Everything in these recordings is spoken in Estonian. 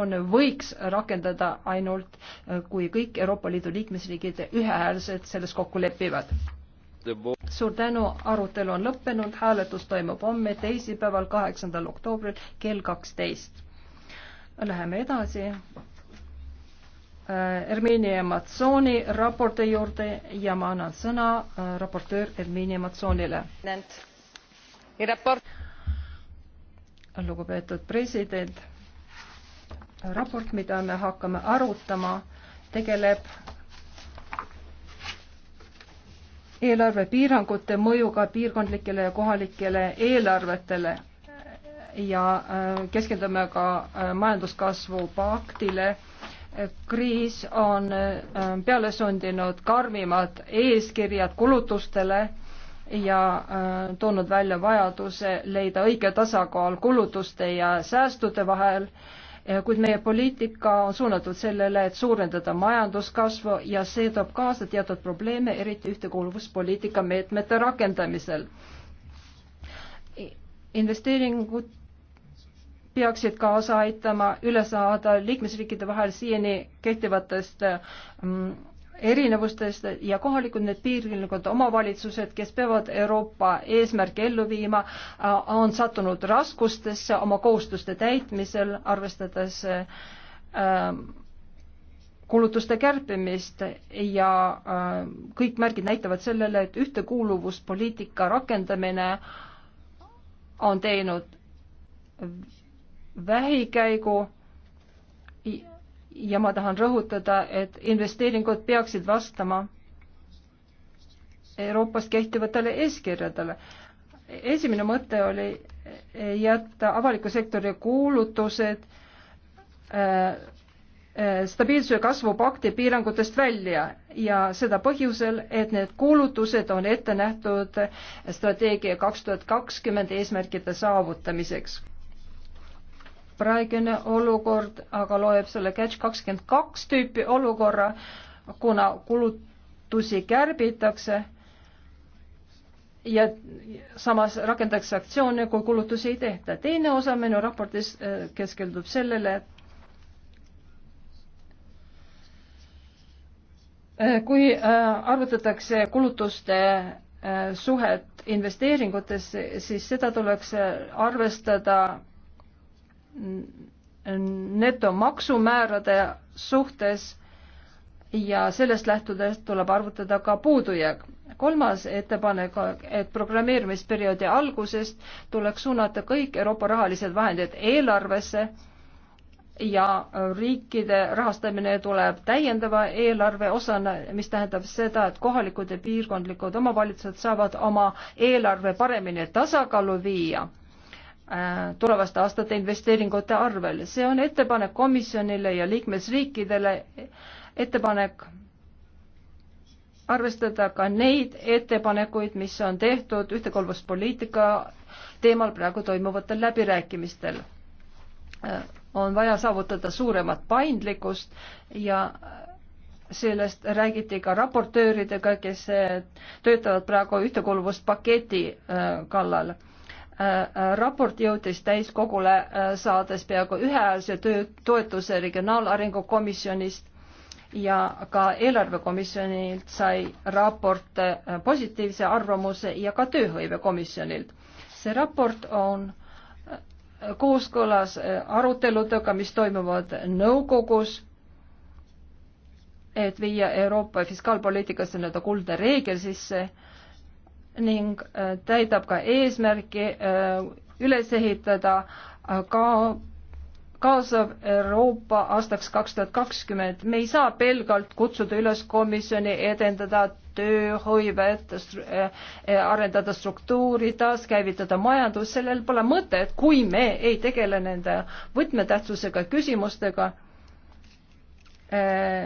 on, võiks rakendada ainult, äh, kui kõik Euroopa Liidu liikmesriigid ühehäälselt selles kokku lepivad. suur tänu, arutelu on lõppenud, hääletus toimub homme, teisipäeval, kaheksandal oktoobril kell kaksteist. Läheme edasi. Äh, Erminia Matsooni raporti juurde ja ma annan sõna äh, raportöör Erminia Matsoonile. Raport... lugupeetud president raport, mida me hakkame arutama, tegeleb eelarvepiirangute mõjuga piirkondlikele ja kohalikele eelarvetele ja äh, keskendume ka äh, majanduskasvu paktile. kriis on äh, peale sundinud karmimad eeskirjad kulutustele ja toonud välja vajaduse leida õige tasakaal kulutuste ja säästude vahel Eh, kuid meie poliitika on suunatud sellele, et suurendada majanduskasvu ja see toob kaasa teatud probleeme, eriti ühtekuuluvuspoliitika meetmete rakendamisel. investeeringud peaksid kaasa aitama üle saada liikmesriikide vahel siiani kehtivatest mm, erinevustest ja kohalikud, need piirkondlikud omavalitsused, kes peavad Euroopa eesmärke ellu viima, äh, on sattunud raskustesse oma kohustuste täitmisel, arvestades ähm, kulutuste kärpimist ja äh, kõik märgid näitavad sellele, et ühtekuuluvuspoliitika rakendamine on teinud vähikäigu ja ma tahan rõhutada, et investeeringud peaksid vastama Euroopas kehtivatele eeskirjadele. esimene mõte oli jätta avaliku sektori kuulutused äh, äh, stabiilsuse kasvupakti piirangutest välja ja seda põhjusel, et need kuulutused on ette nähtud strateegia kaks tuhat kakskümmend eesmärkide saavutamiseks praegune olukord aga loeb selle catch kakskümmend kaks tüüpi olukorra, kuna kulutusi kärbitakse ja samas rakendatakse aktsioone, kui kulutusi ei tehta. teine osa minu raportis äh, keskendub sellele, et äh, kui äh, arvutatakse kulutuste suhet investeeringutesse, siis seda tuleks arvestada netomaksumäärade suhtes ja sellest lähtudes tuleb arvutada ka puudujääk. kolmas ettepanek, et programmeerimisperioodi algusest tuleks suunata kõik Euroopa rahalised vahendid eelarvesse ja riikide rahastamine tuleb täiendava eelarve osana, mis tähendab seda, et kohalikud ja piirkondlikud omavalitsused saavad oma eelarve paremini tasakaalu viia Äh, tulevaste aastate investeeringute arvel. see on ettepanek komisjonile ja liikmesriikidele, ettepanek arvestada ka neid ettepanekuid, mis on tehtud ühtekolmuspoliitika teemal praegu toimuvatel läbirääkimistel. Äh, on vaja saavutada suuremat paindlikkust ja sellest räägiti ka raportööridega, kes äh, töötavad praegu ühtekuuluvuspaketi kallal Äh, äh, raport jõudis täiskogule, äh, saades peaaegu ühehäälse töö, toetuse Regionaalarengu komisjonist ja ka eelarvekomisjonilt sai raport positiivse arvamuse ja ka tööhõivekomisjonilt. see raport on kooskõlas aruteludega, mis toimuvad nõukogus, et viia Euroopa fiskaalpoliitikasse nii-öelda kuldne reegel sisse ning äh, täidab ka eesmärki äh, üles ehitada äh, ka kaasav Euroopa aastaks kaks tuhat kakskümmend. me ei saa pelgalt kutsuda üles komisjoni edendada tööhõivet, arendada struktuuri, taaskäivitada majandust, sellel pole mõtet, kui me ei tegele nende võtmetähtsusega küsimustega,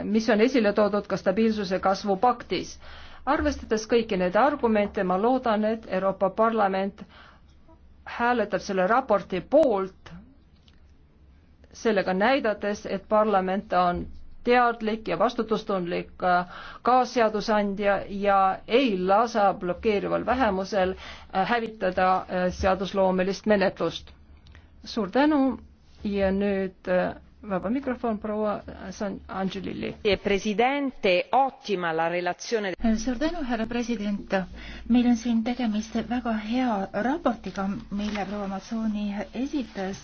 mis on esile toodud ka stabiilsuse kasvupaktis arvestades kõiki neid argumente, ma loodan, et Euroopa Parlament hääletab selle raporti poolt, sellega näidates, et parlament on teadlik ja vastutustundlik äh, kaasseadusandja ja ei lasa blokeerival vähemusel äh, hävitada äh, seadusloomelist menetlust. suur tänu ja nüüd vaba mikrofon proua Angelilli. suur tänu, härra president. meil on siin tegemist väga hea raportiga, mille proua Matsooni esitas.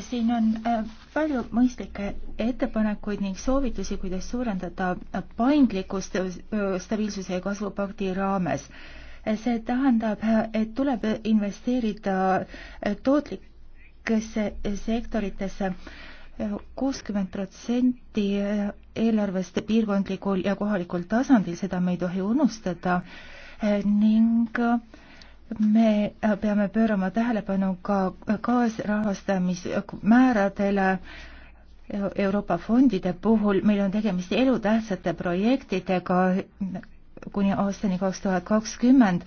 siin on äh, palju mõistlikke ettepanekuid ning soovitusi, kuidas suurendada paindlikkust äh, stabiilsuse ja kasvupakti raames. see tähendab, et tuleb investeerida tootlikesse sektoritesse kuuskümmend protsenti eelarvest piirkondlikul ja kohalikul tasandil, seda me ei tohi unustada ning me peame pöörama tähelepanu ka kaasrahastamismääradele Euroopa fondide puhul. meil on tegemist elutähtsate projektidega kuni aastani kaks tuhat kakskümmend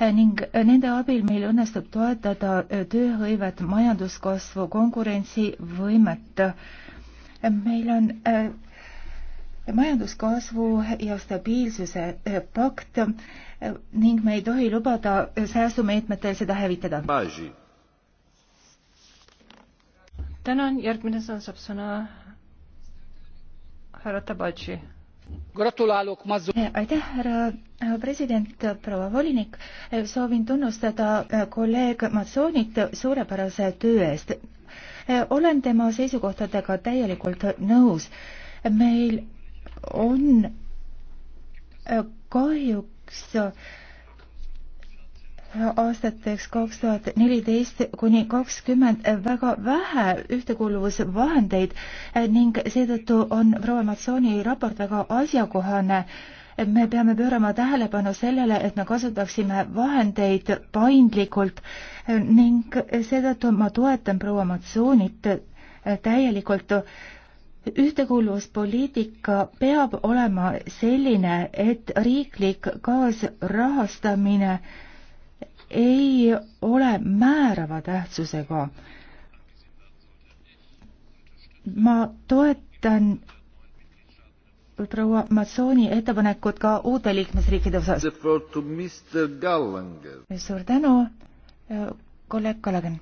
ning nende abil meil õnnestub toetada tööhõivet, majanduskasvu, konkurentsivõimet. meil on äh, majanduskasvu ja stabiilsuse äh, pakt äh, ning me ei tohi lubada säästumeetmetel seda hävitada. tänan, järgmine sõna saab sõna härra Tabatši Eh, aitäh, härra president, proua volinik. Eh, soovin tunnustada eh, kolleeg Mazzonit suurepärase töö eest. olen tema seisukohtadega täielikult nõus. meil on kahjuks aastateks kaks tuhat neliteist kuni kakskümmend väga vähe ühtekuuluvusvahendeid ning seetõttu on proua Matsooni raport väga asjakohane. me peame pöörama tähelepanu sellele, et me kasutaksime vahendeid paindlikult ning seetõttu ma toetan proua Matsoonit täielikult. ühtekuuluvuspoliitika peab olema selline, et riiklik kaasrahastamine ei ole määrava tähtsusega. ma toetan proua Matsooni ettepanekut ka uute liikmesriikide osas. suur tänu, kolleeg Kalagan.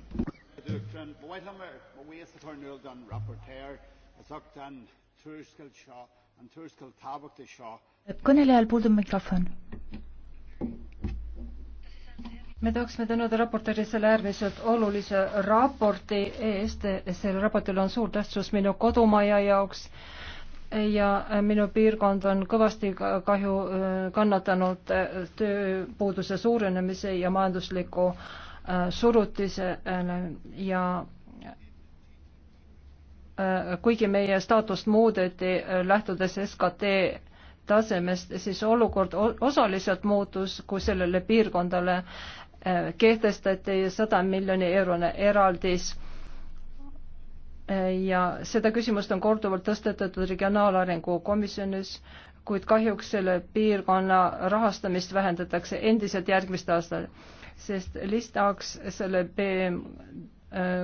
kõnelejal puudub mikrofon me tahaksime tänada raportööri selle äärmiselt olulise raporti eest, sellel raportil on suur tähtsus minu kodumaja jaoks ja minu piirkond on kõvasti kahju äh, kannatanud äh, tööpuuduse suurenemise ja majandusliku äh, surutise ja kuigi meie staatust muudeti lähtudes SKT tasemest, siis olukord osaliselt muutus, kui sellele piirkondale Äh, kehtestati sada miljoni eurone eraldis äh, ja seda küsimust on korduvalt tõstetatud Regionaalarengu komisjonis, kuid kahjuks selle piirkonna rahastamist vähendatakse endiselt järgmist aastat, sest lisaks selle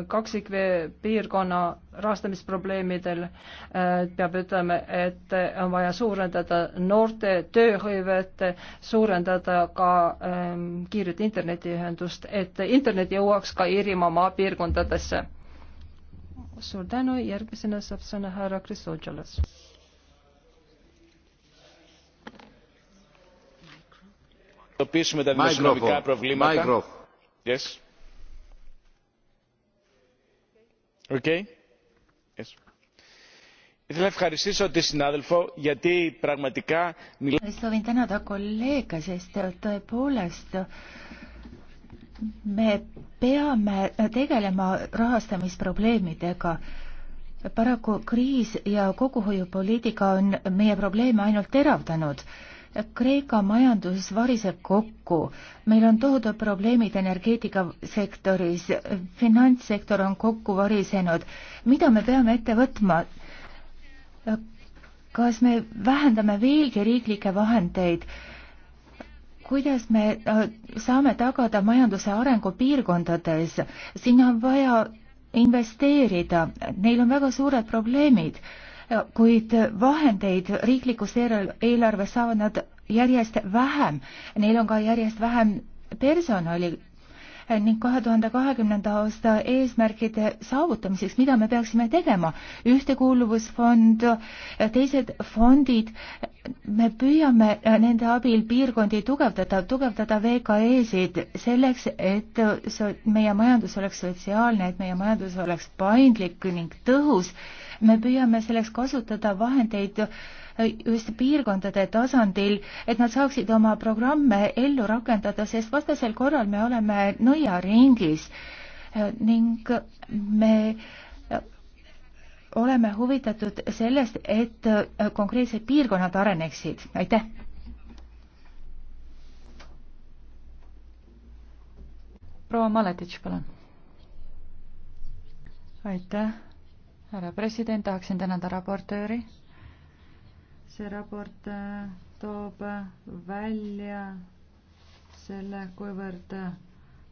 kaksikpiirkonna rahastamisprobleemidel äh, peab ütlema, et on vaja suurendada noorte tööhõivet, suurendada ka ähm, kiiret internetiühendust, et internet jõuaks ka Iirimaa maapiirkondadesse. suur tänu, järgmisena saab sõna härra Kristotšalas. mikrofon, mikrofon. Yes Ήθελα να ευχαριστήσω τη συνάδελφο γιατί πραγματικά Soovin tänada kolleege, sest tõepoolest me peame tegelema rahastamisprobleemidega. Paraku kriis ja kokkuhoiupoliitika on meie probleeme ainult teravdanud. Kreeka majandus variseb kokku, meil on tohutud probleemid energeetikasektoris, finantssektor on kokku varisenud. mida me peame ette võtma? kas me vähendame veelgi riiklikke vahendeid? kuidas me äh, saame tagada majanduse arengu piirkondades, sinna on vaja investeerida, neil on väga suured probleemid kuid vahendeid riiklikus eelarves saavad nad järjest vähem. Neil on ka järjest vähem personali ning kahe tuhande kahekümnenda aasta eesmärkide saavutamiseks, mida me peaksime tegema, ühtekuuluvusfond, teised fondid, me püüame äh, nende abil piirkondi tugevdada, tugevdada VKE-sid selleks, et äh, meie majandus oleks sotsiaalne, et meie majandus oleks paindlik ning tõhus. me püüame selleks kasutada vahendeid äh, just piirkondade tasandil, et nad saaksid oma programme ellu rakendada, sest vastasel korral me oleme nõiaringis ning me äh, oleme huvitatud sellest, et äh, konkreetsed piirkonnad areneksid. aitäh! proua Maletitš, palun. aitäh, härra president, tahaksin tänada raportööri. see raport äh, toob välja selle, kuivõrd äh,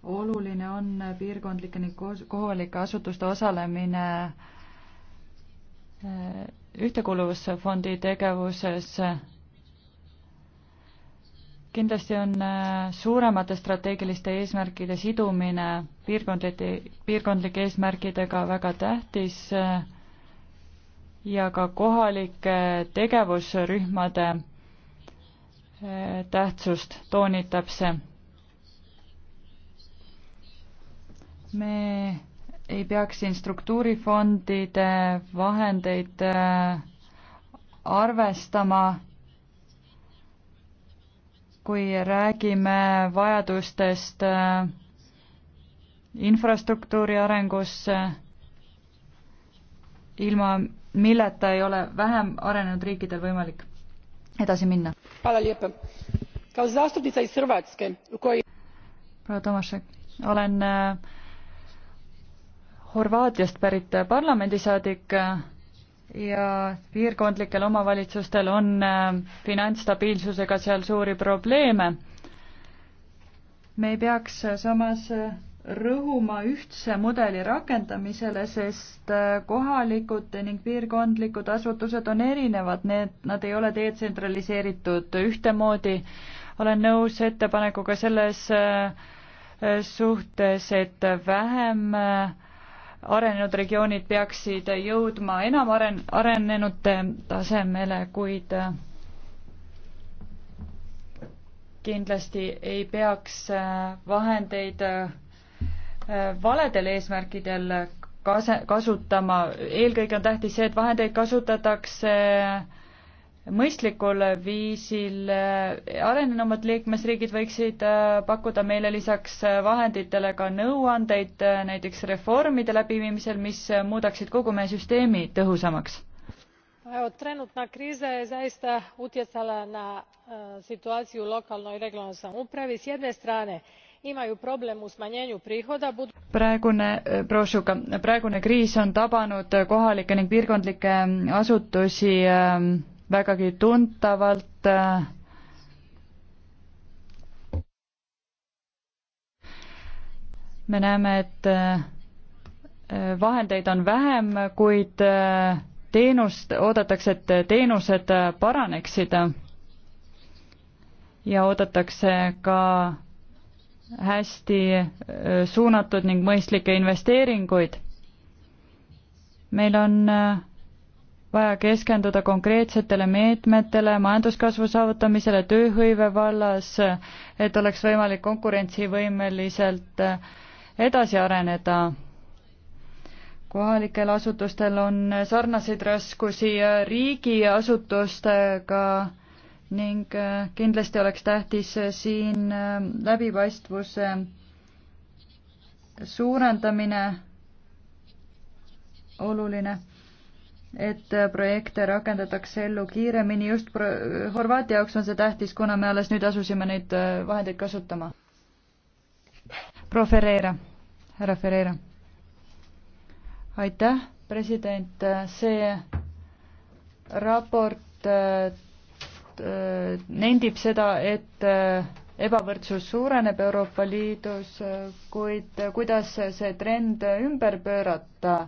oluline on piirkondlike ning kohalike asutuste osalemine äh, Äh, ühtekuuluvusfondi tegevuses äh, kindlasti on äh, suuremate strateegiliste eesmärkide sidumine piirkondlike, piirkondlike eesmärkidega väga tähtis ja ka kohalike tegevusrühmade tähtsust toonitab see. me ei peaks siin struktuurifondide vahendeid äh, arvestama, kui räägime vajadustest äh, infrastruktuuri arengusse, ilma milleta ei ole vähem arenenud riikidel võimalik edasi minna. proua Tomašek, olen äh, Horvaatiast pärit parlamendisaadik äh, ja piirkondlikel omavalitsustel on äh, finantsstabiilsusega seal suuri probleeme. me ei peaks äh, samas rõhuma ühtse mudeli rakendamisele, sest kohalikud ning piirkondlikud asutused on erinevad, need, nad ei ole detsentraliseeritud ühtemoodi. olen nõus ettepanekuga selles suhtes, et vähem äh, arenenud regioonid peaksid jõudma enam aren-, arenenute tasemele, kuid äh, kindlasti ei peaks äh, vahendeid äh, valedel eesmärkidel kase-, kasutama, eelkõige on tähtis see, et vahendeid kasutatakse äh, mõistlikul viisil äh, arenenumad liikmesriigid võiksid äh, pakkuda meile lisaks äh, vahenditele ka nõuandeid näiteks reformide läbiviimisel, mis muudaksid kogu meie süsteemi tõhusamaks? trenutna kriza je zaista utjecala na e, situaciju u lokalnoj i regionalnoj samoupravi. s jedne strane imaju problem u smanjenju prihoda praegune e, proua Šuka, praegune kriis on tabanud kohalikke ning piirkondlikke asutusi äh, vägagi tuntavalt me näeme, et eh, vahendeid on vähem, kuid eh, teenust, oodatakse, et teenused paraneksid ja oodatakse ka hästi eh, suunatud ning mõistlikke investeeringuid. meil on vaja keskenduda konkreetsetele meetmetele majanduskasvu saavutamisele tööhõive vallas, et oleks võimalik konkurentsivõimeliselt edasi areneda. kohalikel asutustel on sarnaseid raskusi riigiasutustega ning kindlasti oleks tähtis siin läbipaistvuse suurendamine oluline et äh, projekte rakendatakse ellu kiiremini, just pro-, Horvaatia jaoks on see tähtis, kuna me alles nüüd asusime neid äh, vahendeid kasutama. proua Ferreira, härra Ferreira. aitäh, president, äh, see raport nendib seda, et ebavõrdsus suureneb Euroopa Liidus, kuid kuidas see trend ümber pöörata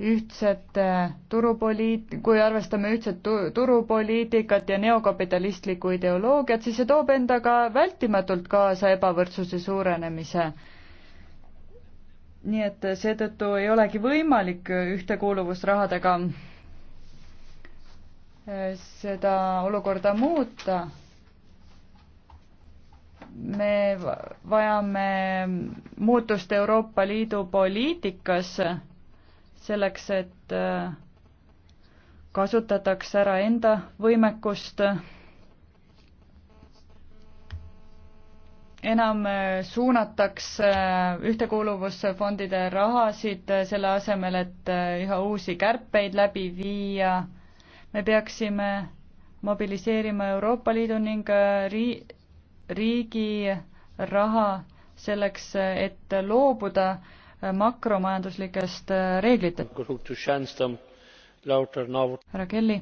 ühtset äh, turupoliit-, kui arvestame ühtset tu-, turupoliitikat ja neokapitalistlikku ideoloogiat, siis see toob endaga vältimatult kaasa ebavõrdsuse suurenemise. nii et seetõttu ei olegi võimalik ühtekuuluvusrahadega äh, seda olukorda muuta. me vajame muutust Euroopa Liidu poliitikas selleks, et äh, kasutatakse ära enda võimekust. enam äh, suunatakse äh, ühtekuuluvusfondide rahasid selle asemel, et üha uusi kärpeid läbi viia. me peaksime mobiliseerima Euroopa Liidu ning ri-, riigi raha selleks, et loobuda makromajanduslikest äh, reeglitest. härra Kelly,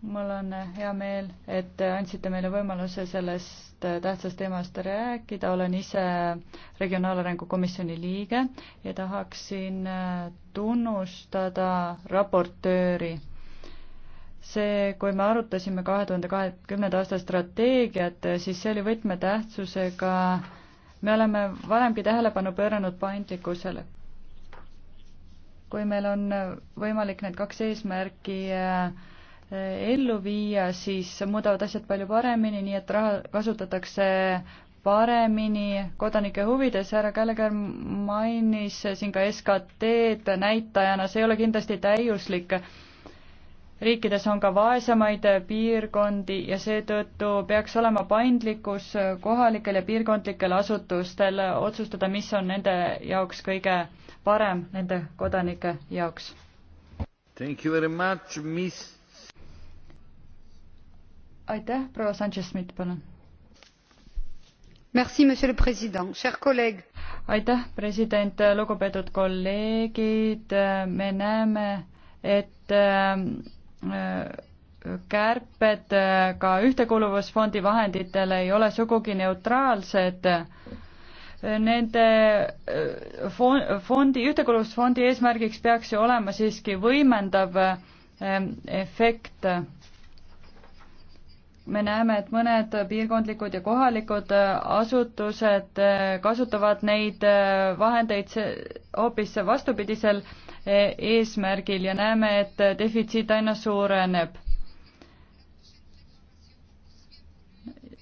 mul on hea meel, et te andsite meile võimaluse sellest äh, tähtsast teemast rääkida, olen ise Regionaalarengu Komisjoni liige ja tahaksin äh, tunnustada raportööri see, kui me arutasime kahe tuhande kahekümnenda aasta strateegiat, siis see oli võtmetähtsusega me oleme varemgi tähelepanu pööranud paindlikkusele. kui meil on võimalik need kaks eesmärki äh, ellu viia, siis muudavad asjad palju paremini, nii et raha kasutatakse paremini kodanike huvides, härra Kallagär mainis siin ka SKT-d näitajana, see ei ole kindlasti täiuslik riikides on ka vaesemaid piirkondi ja seetõttu peaks olema paindlikkus kohalikel ja piirkondlikel asutustel otsustada, mis on nende jaoks kõige parem, nende kodanike jaoks. Thank you very much, Miss aitäh, proua Sanchez-Smith, palun. Merci, monsieur le president, chers collègues. aitäh, president, lugupeetud kolleegid, me näeme, et äh, Äh, kärped äh, ka ühtekuuluvusfondi vahenditel ei ole sugugi neutraalsed. Äh, nende fondi, ühtekuuluvusfondi eesmärgiks peaks ju olema siiski võimendav efekt. me näeme, et mõned piirkondlikud ja kohalikud asutused kasutavad neid vahendeid hoopis vastupidisel eesmärgil ja näeme, et defitsiit aina suureneb.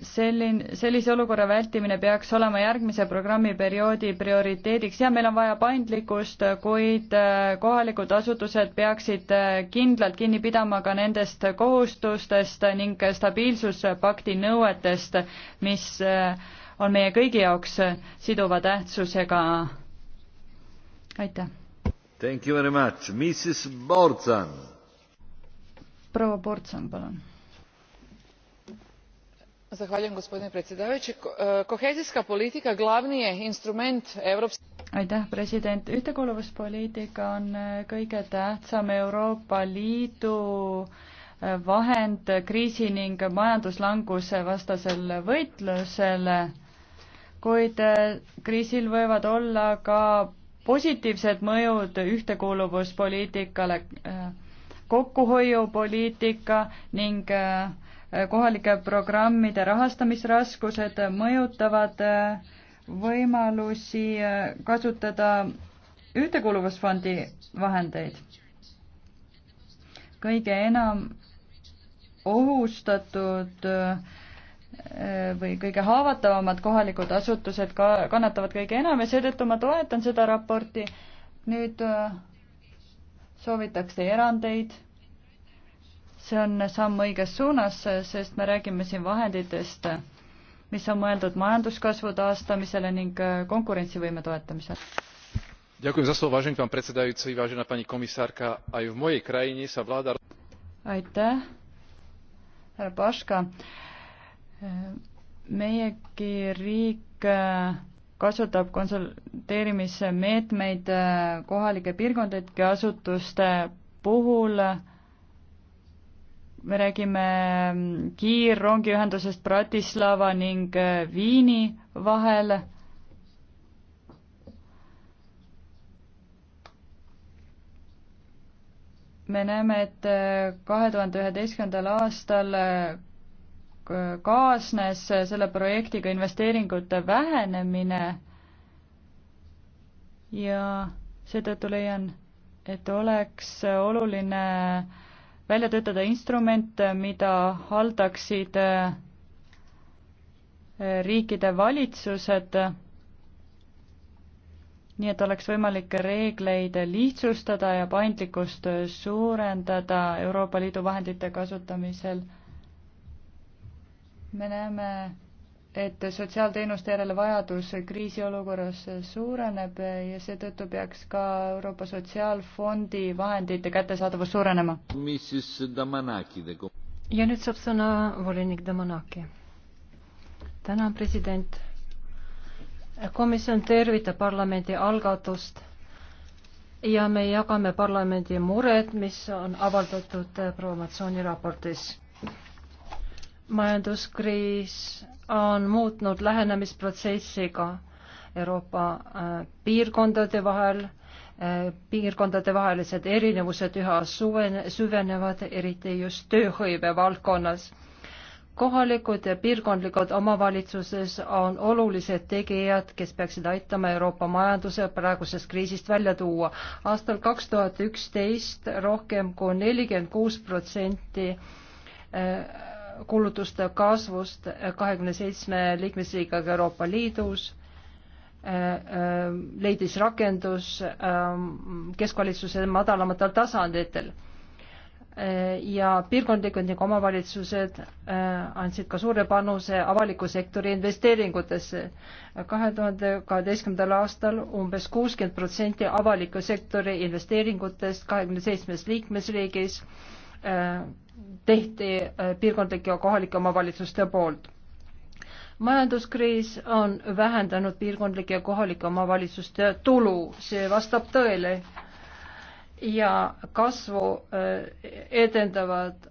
selline, sellise olukorra vältimine peaks olema järgmise programmiperioodi prioriteediks ja meil on vaja paindlikkust, kuid äh, kohalikud asutused peaksid äh, kindlalt kinni pidama ka nendest kohustustest ning stabiilsuspakti nõuetest, mis äh, on meie kõigi jaoks siduva tähtsusega. aitäh! Thank you very much. Mrs Bortsan. proua Bortsan, palun. Zahvaljujem gospodine predsjedavajući. E, kohezijska politika glavni je instrument Europske aitäh, president. ühtekuuluvuspoliitika on e, kõige tähtsam Euroopa Liidu e, vahend kriisi ning majanduslanguse vastasel võitlusel, kuid kriisil võivad olla ka positiivsed mõjud ühtekuuluvuspoliitikale, kokkuhoiupoliitika ning äh, kohalike programmide rahastamisraskused mõjutavad äh, võimalusi äh, kasutada ühtekuuluvusfondi vahendeid. kõige enam ohustatud äh, Äh, või kõige haavatavamad kohalikud asutused ka kannatavad kõige enam ja seetõttu ma toetan seda raporti. nüüd äh, soovitakse erandeid. see on samm õiges suunas, sest me räägime siin vahenditest, mis on mõeldud majanduskasvu taastamisele ning äh, konkurentsivõime toetamisele vážený pán predsedajúci vážená pani komisárka aj v mojej krajine sa vláda. aitäh härra paška meiegi riik äh, kasutab konsulteerimismeetmeid äh, kohalike piirkondlike asutuste puhul. me räägime mm, kiirrongiühendusest Bratislava ning äh, Viini vahel. me näeme, et kahe tuhande üheteistkümnendal aastal kaasnes selle projektiga investeeringute vähenemine ja seetõttu leian, et oleks oluline välja töötada instrument, mida haldaksid riikide valitsused, nii et oleks võimalik reegleid lihtsustada ja paindlikkust suurendada Euroopa Liidu vahendite kasutamisel me näeme, et sotsiaalteenuste järele vajadus kriisiolukorras suureneb ja seetõttu peaks ka Euroopa Sotsiaalfondi vahendite kättesaadavus suurenema. ja nüüd saab sõna volinik Damanaki. tänan, president. komisjon tervitab parlamendi algatust ja me jagame parlamendi mured, mis on avaldatud promotsiooni raportis majanduskriis on muutnud lähenemisprotsessiga Euroopa äh, piirkondade vahel, äh, piirkondade vahelised erinevused üha süvenevad, eriti just tööhõive valdkonnas. kohalikud ja piirkondlikud omavalitsuses on olulised tegijad, kes peaksid aitama Euroopa majanduse praegusest kriisist välja tuua. aastal kaks tuhat üksteist rohkem kui nelikümmend kuus protsenti äh, kulutuste kasvust kahekümne seitsme liikmesriigiga Euroopa Liidus, äh, äh, leidis rakendus ähm, keskvalitsuse madalamatel tasanditel. Äh, ja piirkondlikud ning omavalitsused andsid ka suure panuse avaliku sektori investeeringutesse. kahe tuhande kaheteistkümnendal aastal umbes kuuskümmend protsenti avaliku sektori investeeringutest kahekümne seitsmes liikmesriigis Äh, tehti äh, piirkondlike ja kohalike omavalitsuste poolt. majanduskriis on vähendanud piirkondlike ja kohalike omavalitsuste tulu, see vastab tõele ja kasvu äh, edendavad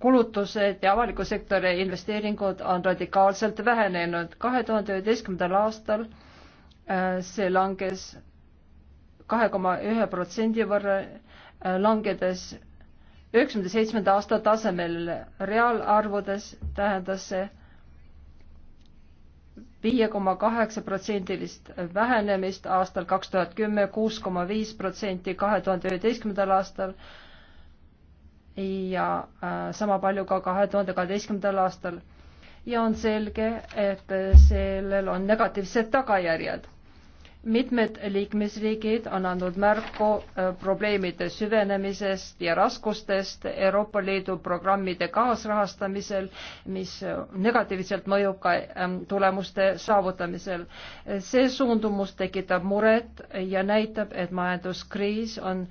kulutused ja avaliku sektori investeeringud on radikaalselt vähenenud. kahe tuhande üheteistkümnendal aastal see langes kahe koma ühe protsendi võrra langedes üheksakümne seitsmenda aasta tasemel reaalarvudes tähendas see viie koma kaheksa protsendilist vähenemist aastal kaks tuhat kümme, kuus koma viis protsenti kahe tuhande üheteistkümnendal aastal ja äh, sama palju ka kahe tuhande kaheteistkümnendal aastal. ja on selge, et sellel on negatiivsed tagajärjed mitmed liikmesriigid on andnud märku äh, probleemide süvenemisest ja raskustest Euroopa Liidu programmide kaasrahastamisel, mis äh, negatiivselt mõjub ka ähm, tulemuste saavutamisel. see suundumus tekitab muret ja näitab, et majanduskriis on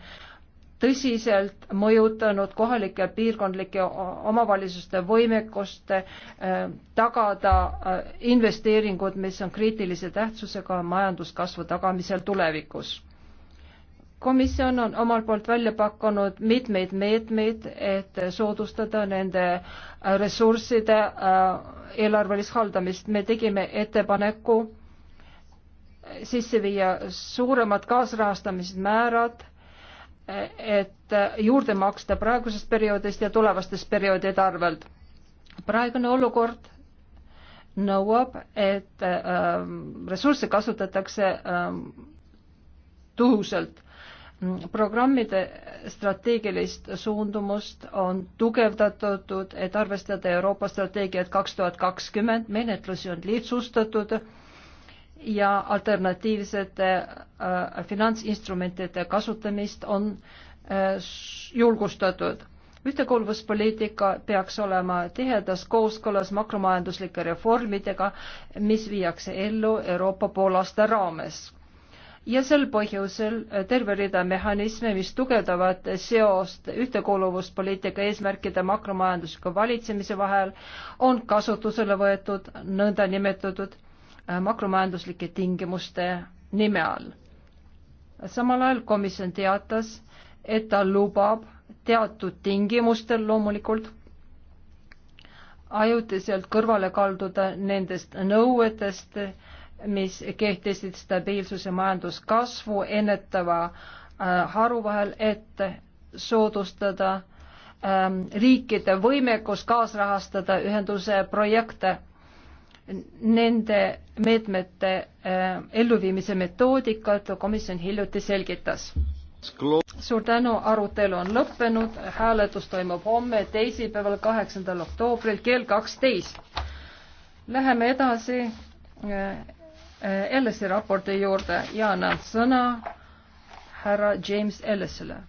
tõsiselt mõjutanud kohalike piirkondlike omavalitsuste võimekust äh, tagada äh, investeeringud, mis on kriitilise tähtsusega majanduskasvu tagamisel tulevikus. komisjon on omalt poolt välja pakkunud mitmeid meetmeid, et soodustada nende äh, ressursside eelarvelist haldamist. me tegime ettepaneku sisse viia suuremad kaasrahastamismäärad et juurde maksta praegusest perioodist ja tulevastest perioodide arvelt. praegune olukord nõuab, et ähm, ressursse kasutatakse ähm, tõhusalt programmide strateegilist suundumust on tugevdatud, et arvestada Euroopa strateegiat kaks tuhat kakskümmend, menetlusi on lihtsustatud ja alternatiivsete äh, finantsinstrumentide kasutamist on äh, julgustatud. ühtekuuluvuspoliitika peaks olema tihedas kooskõlas makromajanduslike reformidega, mis viiakse ellu Euroopa poolaasta raames. ja sel põhjusel äh, terve rida mehhanisme, mis tugevdavad seost ühtekuuluvuspoliitika eesmärkide makromajandusliku valitsemise vahel, on kasutusele võetud nõndanimetatud Äh, makromajanduslike tingimuste nime all. samal ajal komisjon teatas, et ta lubab teatud tingimustel loomulikult ajutiselt kõrvale kalduda nendest nõuetest, mis kehtisid stabiilsuse majanduskasvu ennetava äh, haru vahel, et soodustada äh, riikide võimekus kaasrahastada ühenduse projekte nende meetmete äh, elluviimise metoodikat komisjon hiljuti selgitas. suur tänu, arutelu on lõppenud, hääletus toimub homme, teisipäeval, kaheksandal oktoobril kell kaksteist. Läheme edasi äh, äh, Ellesi raporti juurde ja annan sõna härra James Ellisele.